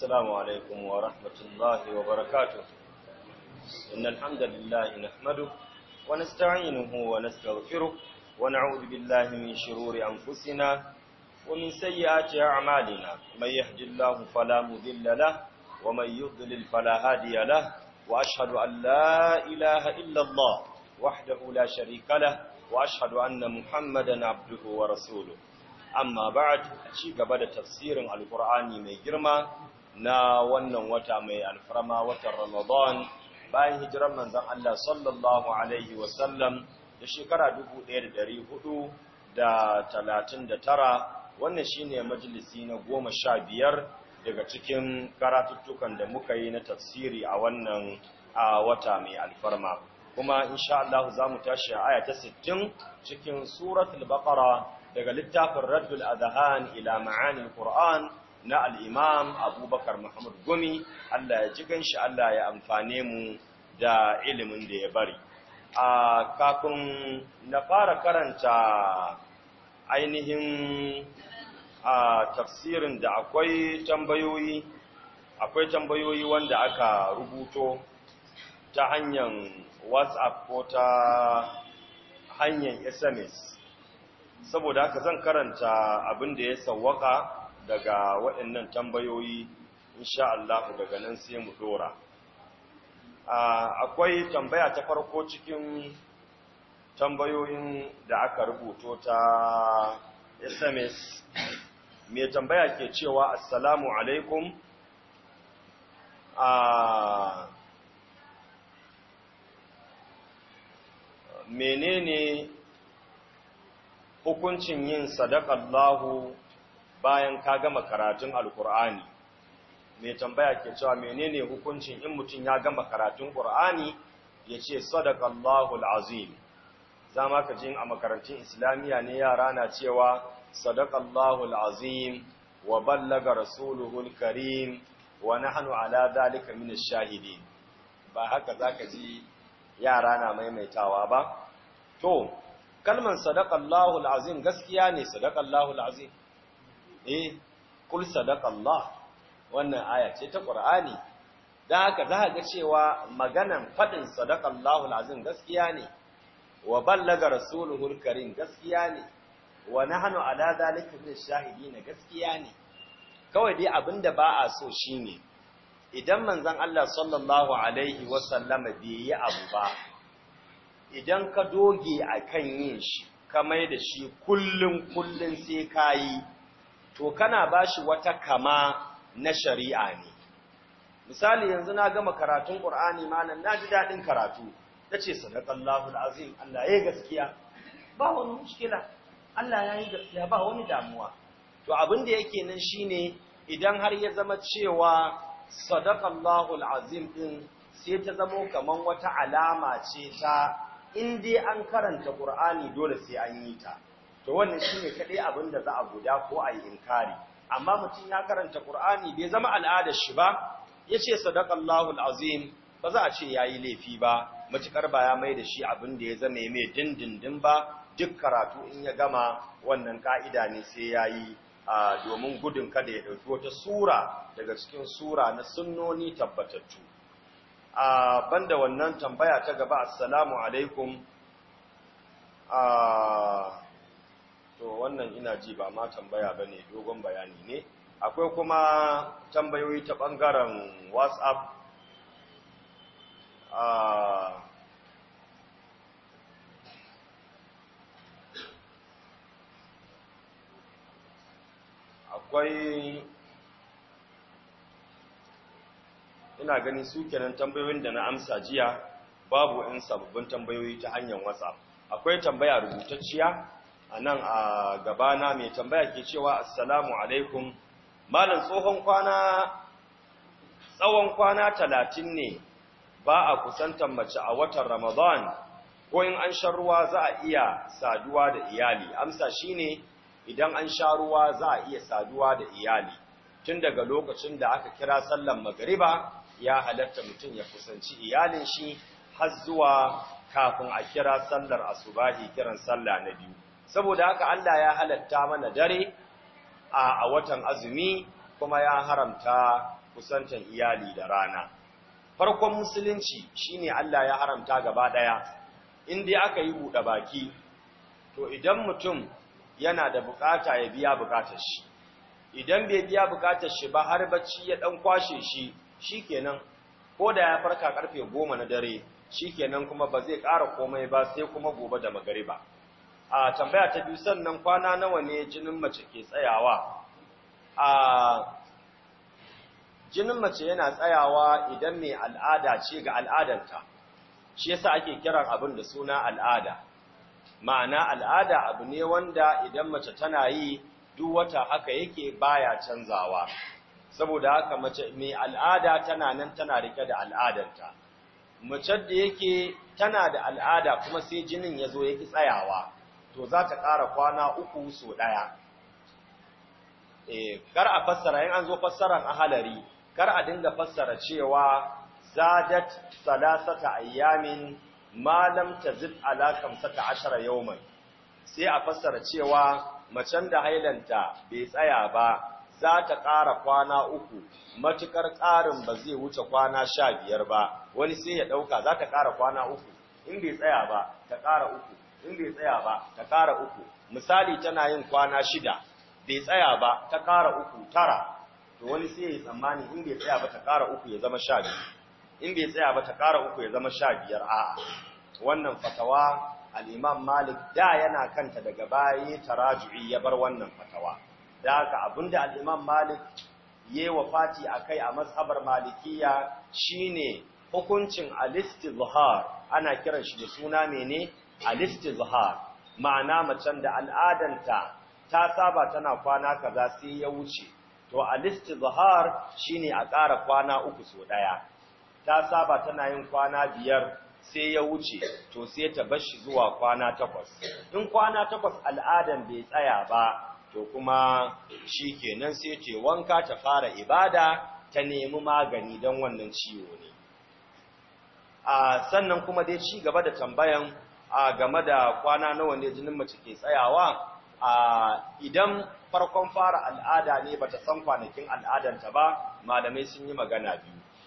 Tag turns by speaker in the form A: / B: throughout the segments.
A: السلام عليكم ورحمة الله وبركاته إن الحمد لله نحمده ونستعينه ونستغفره ونعوذ بالله من شرور أنفسنا ومن سيئات أعمالنا من يهد الله فلا مذل له ومن يضلل فلا هادي له وأشهد أن لا إله إلا الله وحده لا شريك له وأشهد أن محمدا عبده ورسوله amma ba'd ci gaba da tafsirin alqur'ani mai girma na wannan wata mai alfarma watan Ramadan bayan hijirar manzon Allah sallallahu alaihi sallam, da shekara 1439 wannan shine majalisi na 15 daga cikin karatuttukan da muka yi na tafsiri a wannan a wata mai alfarma kuma insha Allah zamu tashi a aya ta 60 cikin suratul baqara daga littafin Raddul Adhan ila ma'anil Qur'an na al'imam abubakar muhammad gumi allah ya ji ganshi allah ya amfane mu da ilimin da ya bari a kafin na fara karanta ainihin a tafsirin da akwai tambayoyi akwai tambayoyi wanda aka rubuto ta hanyar whatsapp ko ta hanyar sms saboda haka zan karanta abin da ya sawwaka daga waɗannan tambayoyi insha Allah daga nan sai mu dora akwai tambaya ta farko cikin tambayoyin da aka rubuto ta SMS mai tambaya ke cewa assalamu alaikum menene hukuncin yin Allahu bayan ka gama karatun alkur'ani mai tambaya ke cewa menene hukuncin in mutum ya gama karatun qur'ani ya ce sadakallahu alazim zama ka jin a makarantun islamiyya ne yara na cewa sadakallahu alazim wa ballaga rasuluhu alkarim wa nahnu ala zalika min ash ba haka zaka ji yara na maimaitawa ba to kalman sadakallahu alazim gaskiya ne sadakallahu alazim eh kul sadaqallah wannan aya ce ta qur'ani dan haka za ga cewa maganan fadin sadaqallahu alazim gaskiya ne wa ballaga rasuluhu alkarim gaskiya ne wa nahnu ala zalika min shahidin gaskiya ne kawai dai abinda ba a so shine idan manzon Allah sallallahu alaihi wasallama bai yi abu ba idan ka doge akan yin shi ka mai da shi kullum kullun sai kayi to kana bashi wata kama na shari'a ne misali yanzu na gama karatun qur'ani malam na ji dadin karatu tace sadaqallahu alazim Allah yayi gaskiya ba wani mushkila Allah yayi gaskiya ba wani damuwa to abin da yake nan shine idan har ya zama cewa sadaqallahu alazim din sai ta zamo kaman wata alama ce ta in dai an karanta qur'ani dole sai an yi ta to wannan shine kadai abin da za a guda ko a yi inkari amma mutum ya karanta Qur'ani bai zama al'adar shi ba yace sadaqallahu alazim ba za a ce yayi laifi ba matukar ba ya mai da shi abin da ya zama mai dindindin ba duk karatu in ya gama wannan ka'ida ne sai yayi domin gudun kada ya dauki wata sura daga cikin sura na sunnoni tabbatattu a banda wannan tambaya ta gaba assalamu alaikum a to wannan ina ji ba ma tambaya ba ne dogon bayani ne akwai kuma tambayoyi ta ɓangaren whatsapp ah, akwai ina gani su kenan tambayoyin da na amsa jiya babu 'yan sababbin tambayoyi ta hanyar whatsapp akwai tambaya rubutacciya a nan a gabana mai tambaya ke cewa assalamu alaikum malam tsohon kwana tsawon kwana talatin ne ba a kusantar mace a watan ramadan ko in an sha ruwa za a iya saduwa da iyali amsa shine idan an sha ruwa za a iya saduwa da iyali tun daga lokacin da aka kira sallan magariba ya halatta mutum ya kusanci iyalin shi har zuwa kafin a kira sallar asubahi kiran sallah na biyu saboda haka Allah ya halatta mana dare a watan azumi kuma ya haramta kusantan iyali da rana farkon musulunci shine Allah ya haramta gaba daya in dai aka yi buɗe baki to idan mutum yana da bukata ya biya bukatar shi idan bai biya bukatar shi ba har bacci ya dan kwashe shi shikenan ko da ya farka karfe 10 na dare shikenan kuma ba zai ƙara komai ba sai kuma gobe da magariba a tambaya ta biyu sannan kwana nawa ne jinin mace ke tsayawa a jinin mace yana tsayawa idan mai al'ada ce ga al'adanta shi yasa ake kiran abin da suna al'ada ma'ana al'ada abu ne wanda idan mace tana yi duk wata haka yake baya canzawa saboda haka mace mai al'ada tana nan tana rike da al'adarta mace da yake tana da al'ada kuma sai jinin ya zo yake tsayawa to za ta ƙara kwana uku so ɗaya eh, kar a fassara in an zo a halari, kar a dinga fassara cewa zadat salasata ayyamin malam ta zib alakam kamsata ashara yawman sai a fassara cewa macen da hailanta bai tsaya ba za ta ƙara kwana uku Matukar ƙarin ba zai wuce kwana sha biyar ba wani sai ya ɗauka za ta ƙara kwana uku in bai tsaya ba ta ƙara uku in bai tsaya ba ta ƙara uku misali tana yin kwana shida bai tsaya ba ta ƙara uku tara to wani sai ya yi tsammani in bai tsaya ba ta ƙara uku ya zama sha biyu in bai tsaya ba ta ƙara uku ya zama sha biyar a'a wannan fatawa al'imam malik da yana kanta daga baya taraju'i ya bar wannan fatawa da haka da al'imam malik ya yi wa fati a kai a mazhabar malikiya shine hukuncin alistin zuhar ana kiran shi da suna mene al-istizhar ma'ana macen da al'adanta ta saba tana kwana kaza sai ya wuce to al-istizhar shine a ƙara kwana uku so daya ta saba tana yin kwana biyar sai ya wuce to sai ta bar shi zuwa kwana takwas in kwana takwas al'adan bai tsaya ba to kuma shi shikenan sai ce wanka ta fara ibada ta nemi magani don wannan ciwo ne a sannan kuma dai ci gaba da tambayan a game da kwana nawa ne jinin mace ke tsayawa a idan farkon fara al'ada ne bata san kwanakin al'adanta ba malamai sun yi magana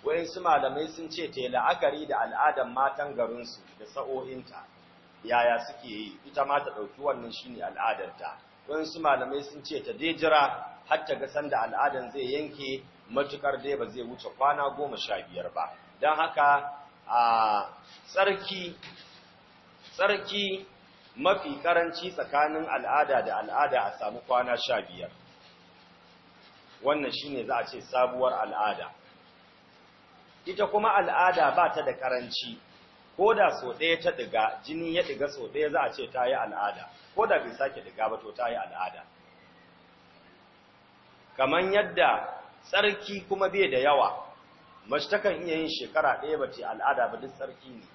A: biyu su malamai sun ce ta la'akari da al'adan matan garinsu da sa'o'inta yaya suke yi ita ma ta ɗauki wannan shine wayan su malamai sun ce ta dai jira har ta ga sanda al'adan zai yanke matukar dai ba zai wuce kwana goma sha biyar ba don haka a tsarki tsarki mafi karanci tsakanin al'ada da al'ada a samu kwana sha biyar wannan shine za a ce sabuwar al'ada ita kuma al'ada ba ta da karanci ko da so ɗaya ta ɗiga jini ya ɗiga so ɗaya za a ce ta yi al'ada ko da bai sake ɗiga ba to ta yi al'ada kamar yadda tsarki kuma bai da yawa mace takan iya yin shekara ɗaya ba ce al'ada ba duk tsarki ne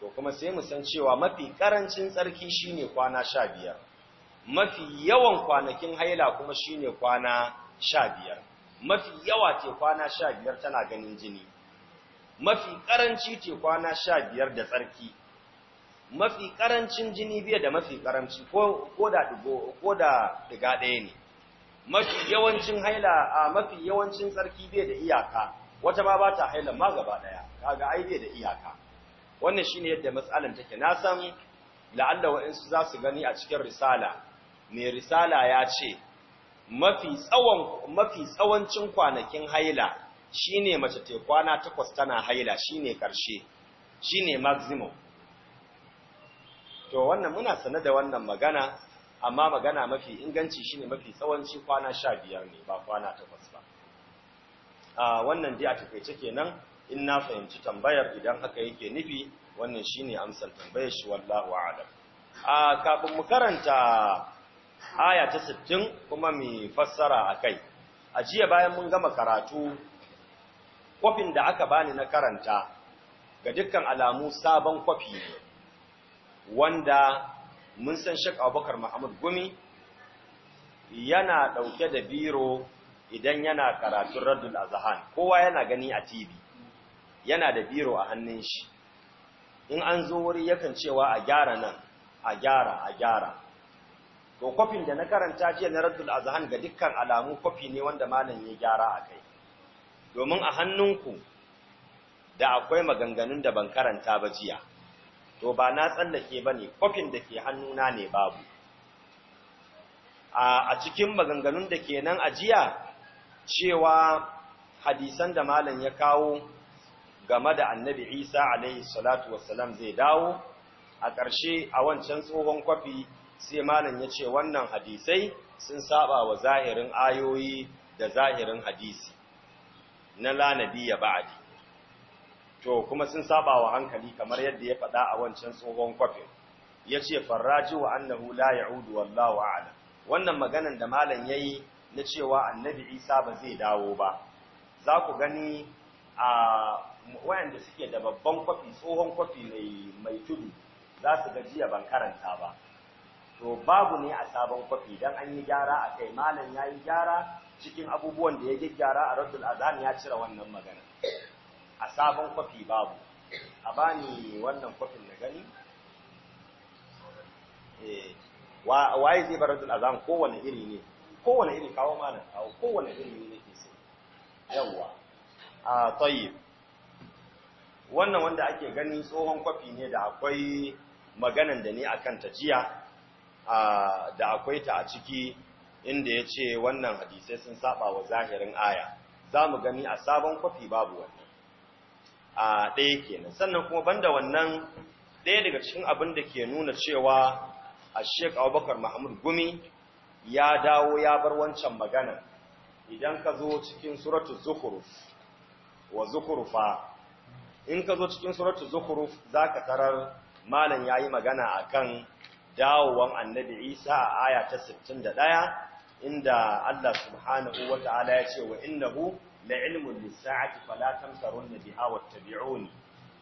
A: to kuma sai mu san cewa mafi karancin tsarki shine kwana sha biyar mafi yawan kwanakin haila kuma shine kwana sha biyar mafi yawa ce kwana sha biyar tana ganin jini mafi karanci ce kwana sha biyar da tsarki mafi karancin jini biya da mafi karanci ko da diga ɗaya ne mafi yawancin haila a mafi yawancin tsarki bai da iyaka wata ba ba ta haila ma gaba ɗaya kaga ai bai da iyaka wannan shine yadda matsalan take na san la'alla wa'ansu za su gani a cikin risala mai risala ya ce mafi tsawon mafi tsawancin kwanakin haila shine mace ta kwana takwas tana haila shine karshe shine maximum to wannan muna sane da wannan magana amma magana mafi inganci shine mafi tsawanci kwana 15 ne ba kwana takwas ba a ah, wannan dai a takeice kenan in na fahimci tambayar idan haka yake nufi wannan shine amsar tambayar shi wallahu a'lam a kafin mu karanta aya ta 60 kuma mu fassara akai a jiya bayan mun gama karatu kwafin da aka bani na karanta ga dukkan alamu sabon kwafi wanda mun san Sheikh Abubakar Muhammad Gumi yana dauke da biro idan yana karatun Raddul Azhan kowa yana gani a TV yana da biro a hannun shi in an zo wuri yakan cewa a gyara nan a gyara a gyara to kofin da na karanta jiya na raddul azhan ga dukkan alamu kofi ne wanda malam ya gyara a kai domin a hannunku da akwai maganganun da ban karanta ba jiya to ba na tsallake ba ne kofin da ke hannuna ne babu a cikin maganganun da ke nan a jiya cewa hadisan da malam ya kawo game da annabi isa alaihi salatu wasalam zai dawo a ƙarshe a wancan tsohon kwafi sai malam ya ce wannan hadisai sun saba wa zahirin ayoyi da zahirin hadisi na lanabi ya ba'adi to kuma sun saba wa hankali kamar yadda ya faɗa a wancan tsohon kwafin ya ce farraji wa annahu la ya'udu wallahu a'lam wannan maganan da malam yayi na cewa annabi isa ba zai dawo ba za ku gani a wayanda suke da babban kwafi tsohon kwafi mai tudu za su ga jiya ban karanta ba to babu ne a sabon kwafi don an yi gyara a kai malam ya yi gyara cikin abubuwan da ya gyara a raddul azan ya cire wannan magana a sabon kwafi babu a bani wannan kwafin na gani eh, waye zai bar raddul azan kowane iri ne kowane iri kawo malam kawo kowane iri ne yake sai yawwa a tsaye wannan wanda ake gani tsohon kwafi ne da akwai maganan da ne a kanta jiya da akwai ta a ciki inda ya ce wannan hadisai sun saba wa zahirin aya za mu gani a sabon kwafi babu wannan a ɗaya kenan sannan kuma banda wannan ɗaya daga cikin abin da ke nuna cewa a sheik abubakar mahmud gumi ya dawo ya bar wancan magana idan ka zo cikin suratul zukuru wa zukurufa in ka zo cikin zukuruf za ka tarar malam yi magana a kan dawowan annabi Isa a aya ta 61 inda Allah subhanahu ta'ala ya ce wa innahu la'ilmun lis-sa'ati fala tamtarunna biha wattabi'uni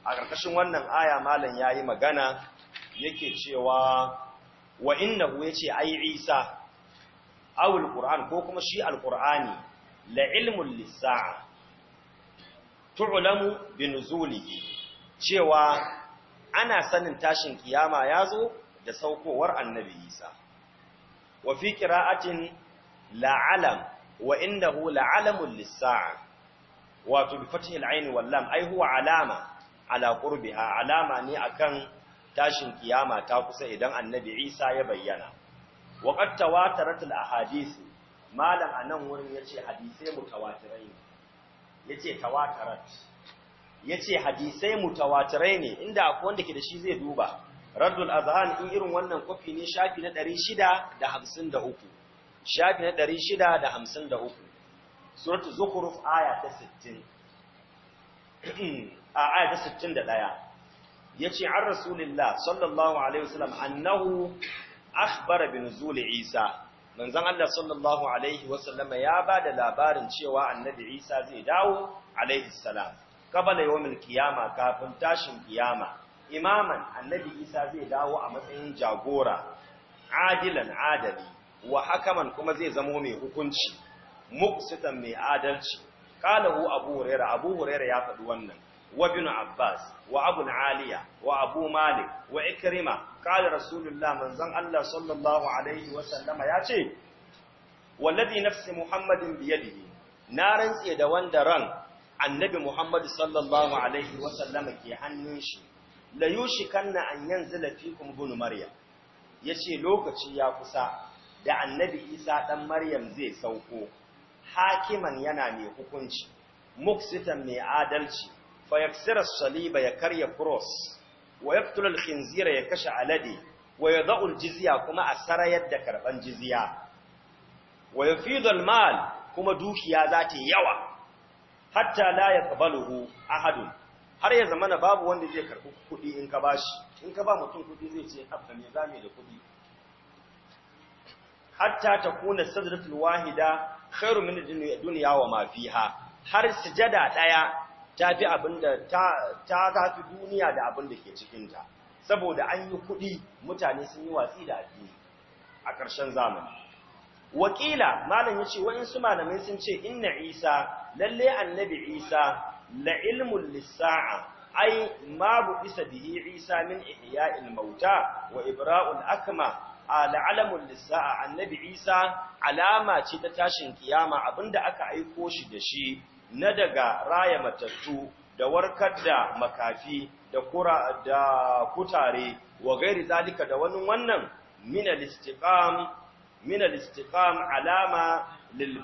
A: a ƙarƙashin wannan aya malam yi magana yake cewa wa innahu yace ai Isa awul Qur'an ko kuma shi al-Qur'ani la'ilmun lis tu'lamu bi cewa ana sanin tashin kiyama yazo da saukowar annabi Isa wa fi qira'atin la'alam wa innahu la'alamun lis-sa'a wato bi fathil ayn wal lam huwa alama ala qurbiha alama ne akan tashin kiyama ta kusa idan annabi Isa ya bayyana wa qad tawatarat al ahadith malam anan wurin yace hadisi mutawatirai Ya yace tawatarat ce hadisai mutawatirai ne inda akwai wanda ke da shi zai duba Raddul Azhan in irin wannan kwafi ne shafi na 653 shafi na 653 suratul zukhruf aya ta 60 a aya ta 61 yace an rasulillah sallallahu alaihi wasallam annahu akhbara bi nuzul isa manzon Allah sallallahu alaihi wasallama ya ba da labarin cewa annabi Isa zai dawo alaihi salam kabala yawon kafin tashin kiyama imaman annabi Isa zai dawo a matsayin jagora adilan adali wa hakaman kuma zai zamo mai hukunci muqsitan mai adalci Kala hu abu hurera abu hurera ya faɗi wannan wa bin abbas wa abu aliya wa abu mali wa ikirima kala rasulun lamun zan allah sallallahu alaihi wasallama ya ce waladi nafsi muhammadin biya biyu na rantse da wanda ran annabi muhammadu sallallahu alaihi wasallama ke hannun shi layu shi kan na an bunu mariya ya lokaci ya kusa da annabi isa ɗan Maryam zai sauko hakiman yana mai hukunci muksitan mai adalci fa saliba ya karya cross wa yaqtula al-khinzira ya kashe alade wa yada'u al-jizya kuma a sarayar da karban jiziya, wa mal kuma dukiya za ta yawa hatta la yaqbaluhu ahadun har ya zamana babu wanda zai karɓi kuɗi in ka bashi in ka ba mutum kuɗi zai ce abda me zame da kuɗi hatta takuna sajdatul wahida khairu min ad wa mafiha har sujada ɗaya. ta fi abinda ta ta duniya da abin da ke cikinta saboda an yi kuɗi mutane sun yi watsi da addini a ƙarshen zamani wakila malam yace wa'in su malamai sun ce inna isa lalle annabi isa la ilmun lisaa ai ma bu isa bihi isa min ihya'il mauta wa ibra'ul akma al'alamun lissa'a annabi isa alama ce ta tashin kiyama abinda aka aiko shi da shi na daga raya matattu da warkar da makafi da kura da kutare wa gairi zalika da wani wannan min al-istiqam istiqam alama lil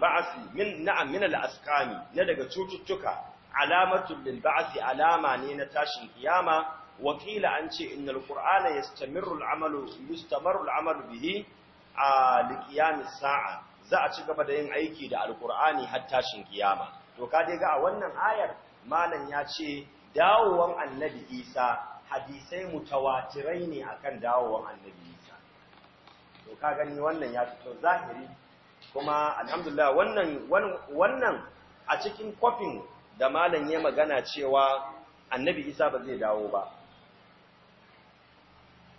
A: min na'am min asqami na daga cututtuka alamatu lil ba'th alama ne na tashin kiyama wakila an ce innal qur'ana yastamirru al-amalu al-amalu bihi a liqiyamis sa'a za a ci gaba da yin aiki da al har tashin kiyama to ka dai ga a wannan ayar malam ya ce dawowan annabi isa hadisai mutawatirai ne akan dawowan annabi isa to ka gani wannan ya fito zahiri kuma alhamdulillah wannan wannan a cikin kofin da malam ya magana cewa annabi isa ba zai dawo ba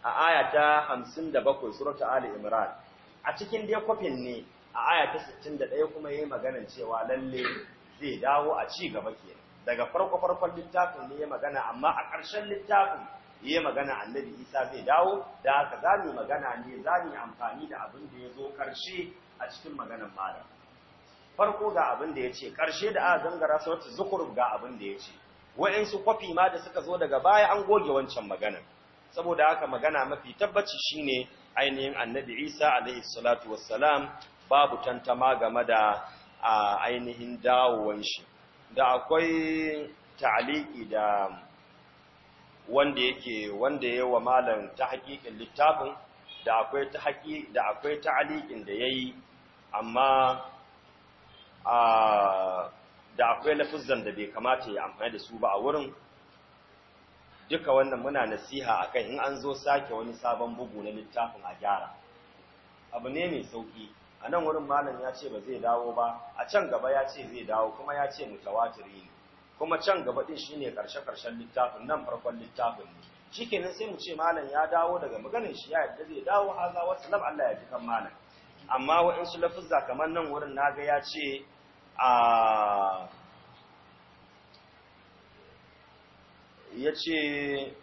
A: a aya ta 57 surata ali imran a cikin dai kofin ne a aya ta 61 kuma yayi magana cewa lalle zai dawo a ci gaba ke daga farko farkon littafin ne ya magana amma a ƙarshen littafin ya magana annabi isa zai dawo da haka za mu magana ne za mu amfani da abin da ya zo ƙarshe a cikin maganar malam farko ga abin da ya ce ƙarshe da aka gangara sautin zukuruf ga abin da ya ce wa'insu kwafi ma da suka zo daga baya an goge wancan magana. saboda haka magana mafi tabbaci shine ainihin annabi isa alaihi salatu wassalam babu tantama game da a ainihin dawowan shi da akwai ta'aliki da wanda yake wanda ya wa malam ta hakikin littafin da akwai ta haƙi da akwai ta'alikin da yayi amma da akwai lafuzan da bai kamata ya amfani da su ba a wurin duka wannan muna nasiha a akan in an zo sake wani sabon bugu na littafin a gyara abu ne mai sauƙi. a nan wurin malam ya ce ba zai dawo ba a can gaba ya ce zai dawo kuma ya ce mutawatiri ne kuma can gaba din shine ƙarshe-ƙarshen littafin nan farkon littafin ne. shi kenan sai mu ce malam ya dawo daga maganin shi ya yadda zai dawo za wata, lam Allah ya fi kan malam amma waɗansu lafuzza kamar nan wurin naga ya ce a ya ce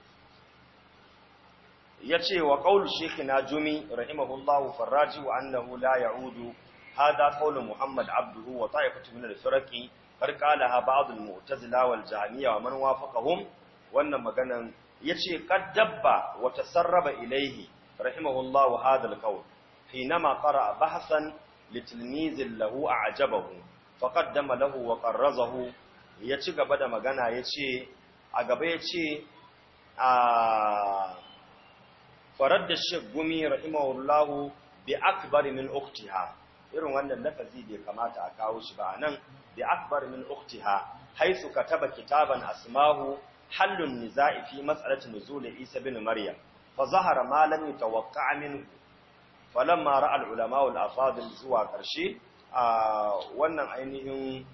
A: ya ce wa ƙaul shekina jumi rahimahullahu farraji wa annahu la ya'udu hada ƙaul muhammad abduhu wa ta'ifatu min al-firqi har qala ha ba'd al-mu'tazila wal jahmiya wa man wafaqahum wannan maganan yace qad dabba wa tasarraba ilaihi rahimahullahu hada al-qawl حينما قرأ بحثا لتلميذ له lahu فقدم razahu. Ya ci gaba da magana yace a gaba yace a ah, farar da shek gumi rahimahullahu bi akbar min uktiha irin wannan lafazi bai kamata a kawo shi ba nan bi akbar min uktiha haisu kataba kitaban asmahu hallun nizai fi mas'alati nuzul isa bin maryam fa zahara ma lam yatawaqqa falamma ra'a al-ulama wal afadil zuwa karshe wannan ainihin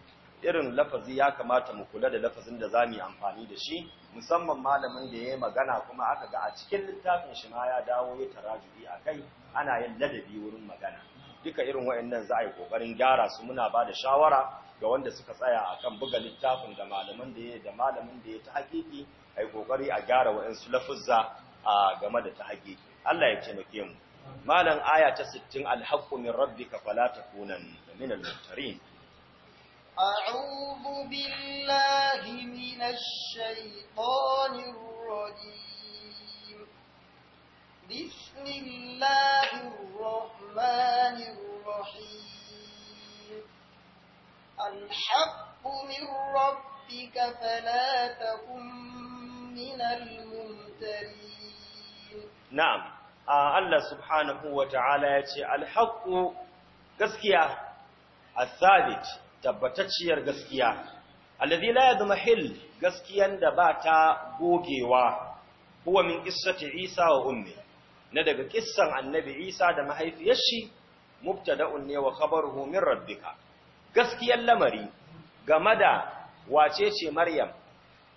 A: irin lafazi ya kamata mu kula da lafazin da zamu yi amfani da shi musamman malamin da ya yi magana kuma aka ga a cikin littafin shi ma ya dawo ya tara tarajubi a kai ana yin ladabi wurin magana duka irin waɗannan za a yi ƙoƙarin gyara su muna ba da shawara ga wanda suka tsaya a kan buga littafin da malamin da ya da malamin da ya ta hakiki a yi ƙoƙari a gyara waɗansu lafuzza a game da ta hakiki Allah ya taimake mu malam aya ta sittin, alhaqqu min rabbika fala takunan min al
B: أعوذ بالله من الشيطان الرجيم بسم الله الرحمن الرحيم الحق من ربك فلا تكن من الممترين
A: نعم آه الله سبحانه وتعالى الحق قسكيا الثابت tabbatacciyar gaskiya alladhi la yadmahil gaskiyan da ba ta gogewa huwa min qissati isa wa ummi na daga kissan annabi isa da mahaifiyar shi mubtada'un ne wa khabaruhu min rabbika gaskiyan lamari game da wace ce maryam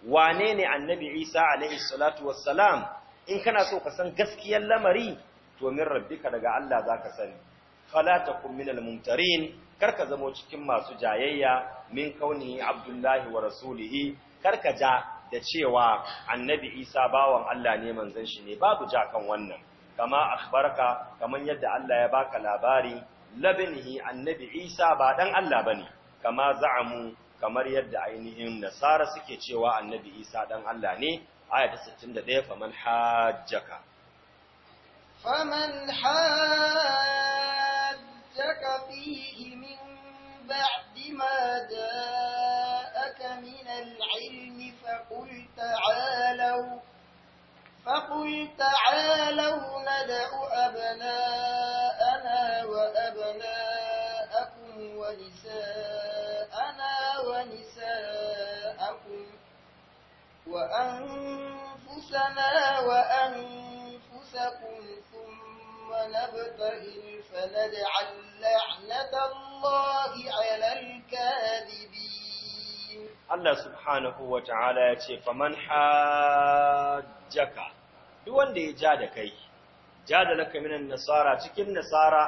A: wane ne annabi isa alaihi salatu wassalam in kana so ka san gaskiyan lamari to min rabbika daga Allah zaka sani fala takum minal mumtarin karka zamo cikin masu jayayya min kauni abdullahi wa rasulihi karka ja da cewa annabi isa bawan Allah ne manzon shi ne babu ja kan wannan kama akhbaraka kaman yadda Allah ya baka labari labinihi annabi isa ba dan Allah bane kama za'amu kamar yadda ainihin nasara suke cewa annabi isa dan Allah ne aya ta 61 faman hajjaka faman hajjaka
B: نفسك فيه من بعد ما جاءك من العلم فقل تعالوا فقل تعالوا ندع أبناءنا وأبناءكم ونساءنا ونساءكم وأنفسنا وأنفسكم ونبتهل فنجعل لعنة الله على الكاذبين
A: الله سبحانه وتعالى يتي فمن حاجك duk wanda ya ja da kai ja da laka minan nasara cikin nasara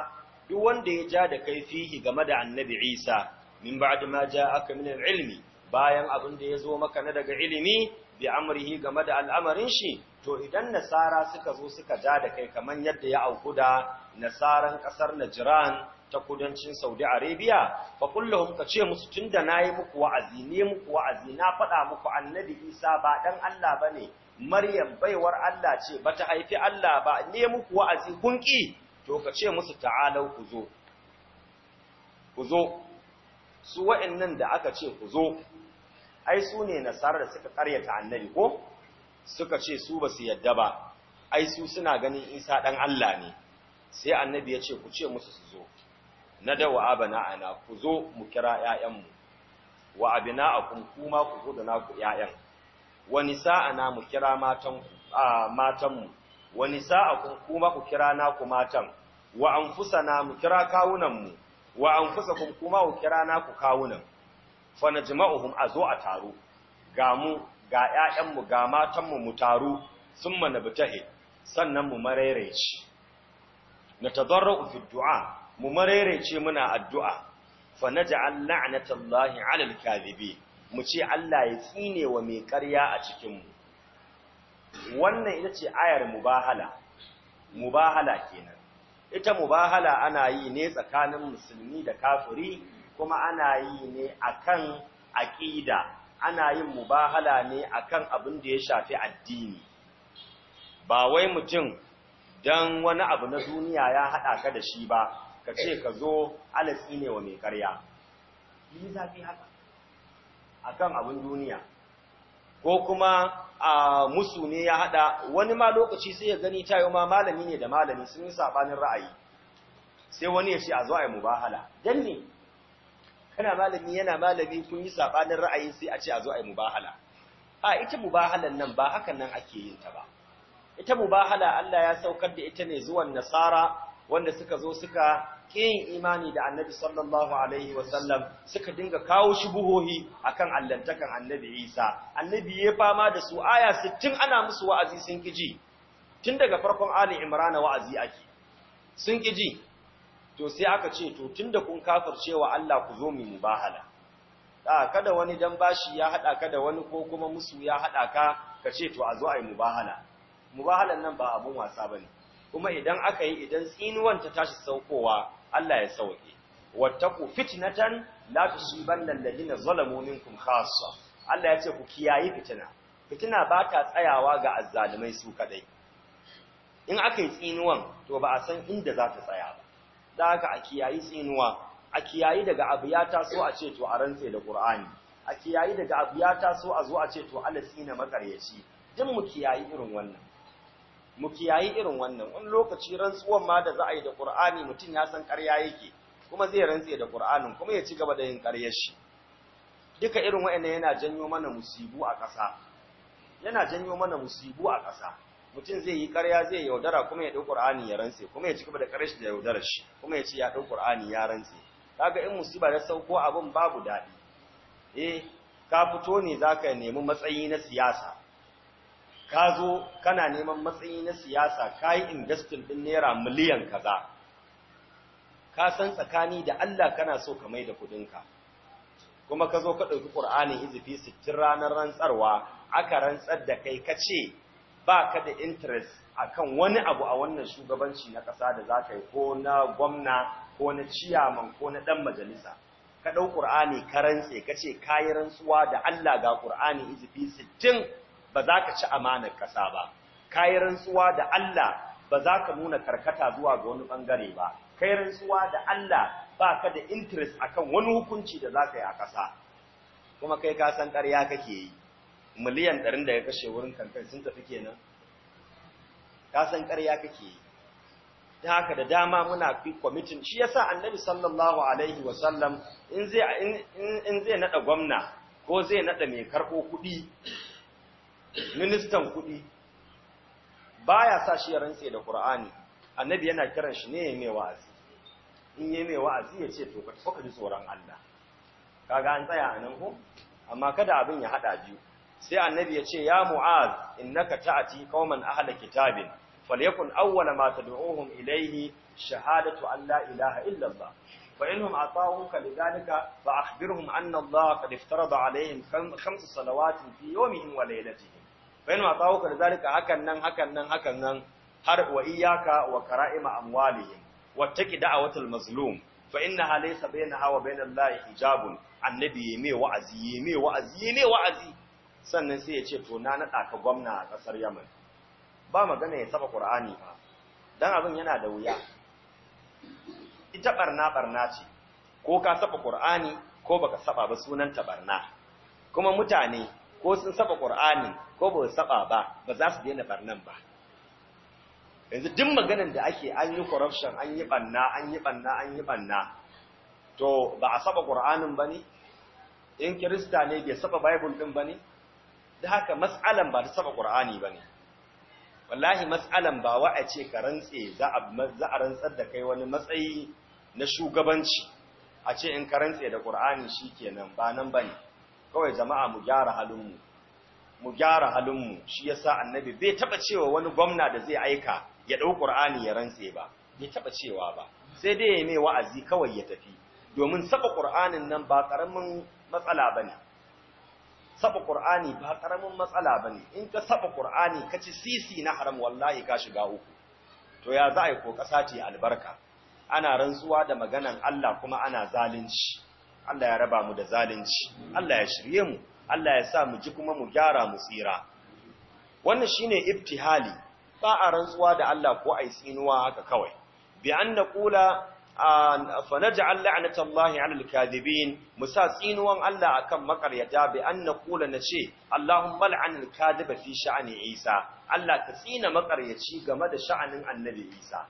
A: duk wanda ya ja da kai fihi game da annabi Isa min ba'd ma ja min al-ilmi bayan abin da ya zo maka na daga ilimi bi amrihi game da al'amarin shi to idan nasara suka zo suka ja da kai kamar yadda ya auku da nasaran ƙasar najiran ta kudancin saudi arabia fa kullum ka ce musu tun da na yi muku wa'azi ne muku wa'azi na faɗa muku annabi isa ba ɗan allah ba ne. maryam baiwar allah ce ba ta haifi allah ba ne muku wa'azi kun ki to ka ce musu ta'alau ku zo ku zo su wa'annan da aka ce ku zo ai su ne nasarar da suka karyata annabi ko suka ce su ba su yadda ba ai su suna ganin isa ɗan Allah ne sai annabi ya ce ku ce musu su zo na da wa abana ana ku zo mu kira ‘ya'yanmu wa abina a kuma ku zo da naku ‘ya'yan wani sa'ana mu kira matanmu wani sa'a kuma ku kira naku matan wa an na mu kira kawunanmu wa an kuma ku kira naku kawunan fa na jima'uhum a zo a taro ga mu ga ‘ya'yanmu ga matanmu mu taru sun mana bitahe sannan mu ce. na tazarra ufin du'a mu ce muna addu'a fa na ja'al lahi alal kadhibi mu ce Allah ya tsine wa mai karya a cikinmu wannan ita ce ayar mubahala mubahala kenan ita mubahala ana yi ne tsakanin musulmi da kafiri kuma ana yi ne akan aƙida ana yin mubahala ne akan abin da ya shafi addini ba wai mutum don wani abu na duniya ya haɗa ka da shi ba ka ce ka zo alatsi ne wa mai karya yi zafi haka kan abin duniya ko kuma a musu ne ya haɗa wani ma lokaci sai ya gani tayo ma malami ne da malami sun yi saɓanin ra'ayi sai wani ya ce a zo a yi mubahala don ne kana malami yana malami kun yi sabanin ra'ayi sai a ce a zo a yi mubahala a ita mubahalan nan ba hakan nan ake yin ta ba ita mubahala Allah ya saukar da ita ne zuwan nasara wanda suka zo suka kiyin imani da annabi sallallahu alaihi wa sallam suka dinga kawo shubuhohi akan allantakan annabi Isa annabi ya fama da su aya 60 ana musu wa'azi sun kiji tun daga farkon ali imrana wa'azi ake sun kiji to sai aka ce to tunda kun cewa Allah ku zo mu mubahala a kada wani dan bashi ya hada ka da wani ko kuma musu ya hada ka ka ce to a zo ai mubahala mubahalan nan ba abun wasa bane kuma idan aka yi idan tsinuwan ta tashi saukowa Allah ya sauke wattaku fitnatan la na ladina zalamu minkum khassa Allah ya ce ku kiyayi fitina fitina ba ta tsayawa ga azzalumai su kadai in aka yi tsinuwan to ba a san inda za ta tsaya ba da haka a kiyayi tsinuwa a kiyayi daga abu ya taso a ce to a rantse da qur'ani a kiyayi daga abu ya taso a zo a ce to ala tsina makaryaci din mu kiyayi irin wannan mu kiyayi irin wannan wani lokaci rantsuwan ma da za a yi da ƙur'ani mutum ya san ƙarya yake kuma zai rantse da qur'anin kuma ya ci gaba da yin ƙaryar shi duka irin wa'annan yana janyo mana musibu a ƙasa yana janyo mana musibu a ƙasa mutum zai yi ƙarya zai yaudara kuma ya ɗau ƙur'ani ya rantse kuma ya ci gaba da shi da yaudara shi kuma ya ce ya ɗau ƙur'ani ya rantse kaga in musiba ta sauko abin babu daɗi eh ka fito ne za zaka nemi matsayi na siyasa ka zo kana neman matsayi na siyasa ka yi investin ɗin naira miliyan kaza ka san tsakani da Allah kana so ka mai da kuɗinka kuma ka zo ka ɗauki ƙur'anin izifi sittin ranar rantsarwa aka rantsar da kai ka ce ba ka da interest a kan wani abu a wannan shugabanci na ƙasa da za ka yi ko na gwamna ko na ciyaman ko na ɗan majalisa ka ɗau ƙur'ani ka rantse ka ce ka yi rantsuwa da Allah ga ƙur'ani fi sittin ba za ka ci amanar ƙasa ba ka yi rantsuwa da Allah ba za ka nuna karkata zuwa ga wani ɓangare ba ka yi rantsuwa da Allah ba ka da interest akan wani hukunci da za ka yi a ƙasa kuma kai ka san ƙarya kake yi miliyan ɗarin da ya kashe wurin kamfen sun tafi kenan ka san ƙarya kake yi ta haka da dama muna fi kwamitin shi yasa annabi sallallahu alaihi wasallam in zai in nada gwamna ko zai nada mai karɓo kuɗi ministan kuɗi ya sa shi ya rantse da ƙur'ani. annabi yana kiran shi ne ya mai wa'azi in ya mai wa'azi ya ce to ka ji tsoron Allah kaga an tsaya a nan ko amma kada abin ya haɗa biyu sai annabi ya ce ya mu'az innaka ta'ati qauman ahla kitabin falyakun awwala ma tad'uhum ilayhi shahadatu an la ilaha illa Allah fa inhum ata'uka lidhalika fa akhbirhum anna Allah qad iftarada alayhim khams salawatin fi yawmihim wa laylatihim fa inhum ata'uka lidhalika hakan nan hakan nan hakan nan har wa iyyaka wa kara'ima amwalihim wattaqi watan mazlum fa innaha laysa bainaha wa bainal lahi hijabun annabi yeme wa'azi yeme wa'azi yeme wa'azi sannan sai ya ce to na naɗa ka gwamna a ƙasar yaman ba magana ya saba ƙur'ani ba don abin yana da wuya ita ɓarna ɓarna ce ko ka saba ƙur'ani ko baka saba ba sunanta ɓarna kuma mutane ko sun saba ƙur'ani ko ba saba ba ba za su daina ɓarnan ba yanzu duk maganan da ake an yi corruption an yi ɓanna an yi ɓanna an yi ɓanna to ba a saba ƙur'anin ba ne in kirista ne bai saba bible ɗin ba ne da haka matsalan ba ta saba Kur'ani ne wallahi mas'alan ba wa a ce ka rantse za a rantsar da kai wani matsayi na shugabanci a ce in ka rantse da shi kenan ba nan ba ne. kawai jama'a mu gyara halinmu mu gyara halinmu shi shi yasa annabi bai taba cewa wani gwamna da zai aika ya ɗau Kur'ani ya rantse ba bai taba cewa ba sai dai ya mai wa'azi kawai ya tafi domin saba ƙur'anin nan ba ƙaramin matsala ba ne. saba Qur'ani ba ƙaramin matsala bane in ka saba Qur'ani ka ci sisi na haram wallahi ka shiga uku to ya za a yi ko kasa ce albarka ana rantsuwa da maganan Allah kuma ana zalunci Allah ya raba mu da zalunci Allah ya shirye mu Allah ya sa mu ji kuma mu gyara mu tsira wannan shine ibtihali ba a rantsuwa da Allah ko ai sinuwa haka kawai bi an naqula fanaj'al la'natallahi 'alal kadhibin musa tsinuwan Allah akan makaryata bi an naqula nace Allahumma la'an al-kadhiba fi sha'ni Isa Allah ta tsina makaryaci game da sha'anin Annabi Isa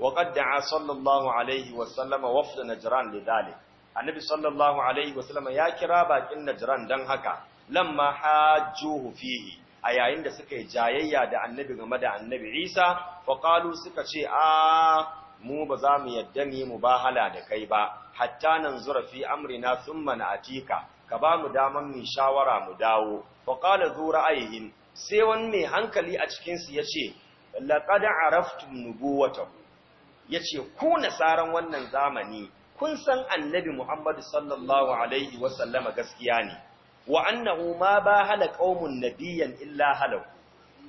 A: wa qad sallallahu alaihi wa sallam wafd najran lidhalik Annabi sallallahu alaihi wa sallam ya kira bakin najran dan haka lamma hajjuhu fihi a yayin da suka yi jayayya da Annabi game da Annabi Isa fa suka ce a ah, mu ba za mu yadda mu yi mubahala da kai ba hatta nan zurafi amrina mana atika ka ba mu daman mu shawara mu dawo fa qala zu sai wani mai hankali a cikin su yace laqad araftum nubuwatahu yace ku nasaran wannan zamani kun san annabi Muhammadu sallallahu alaihi wa gaskiya ne wa annahu ma ba hala qaumun nabiyyan illa halaku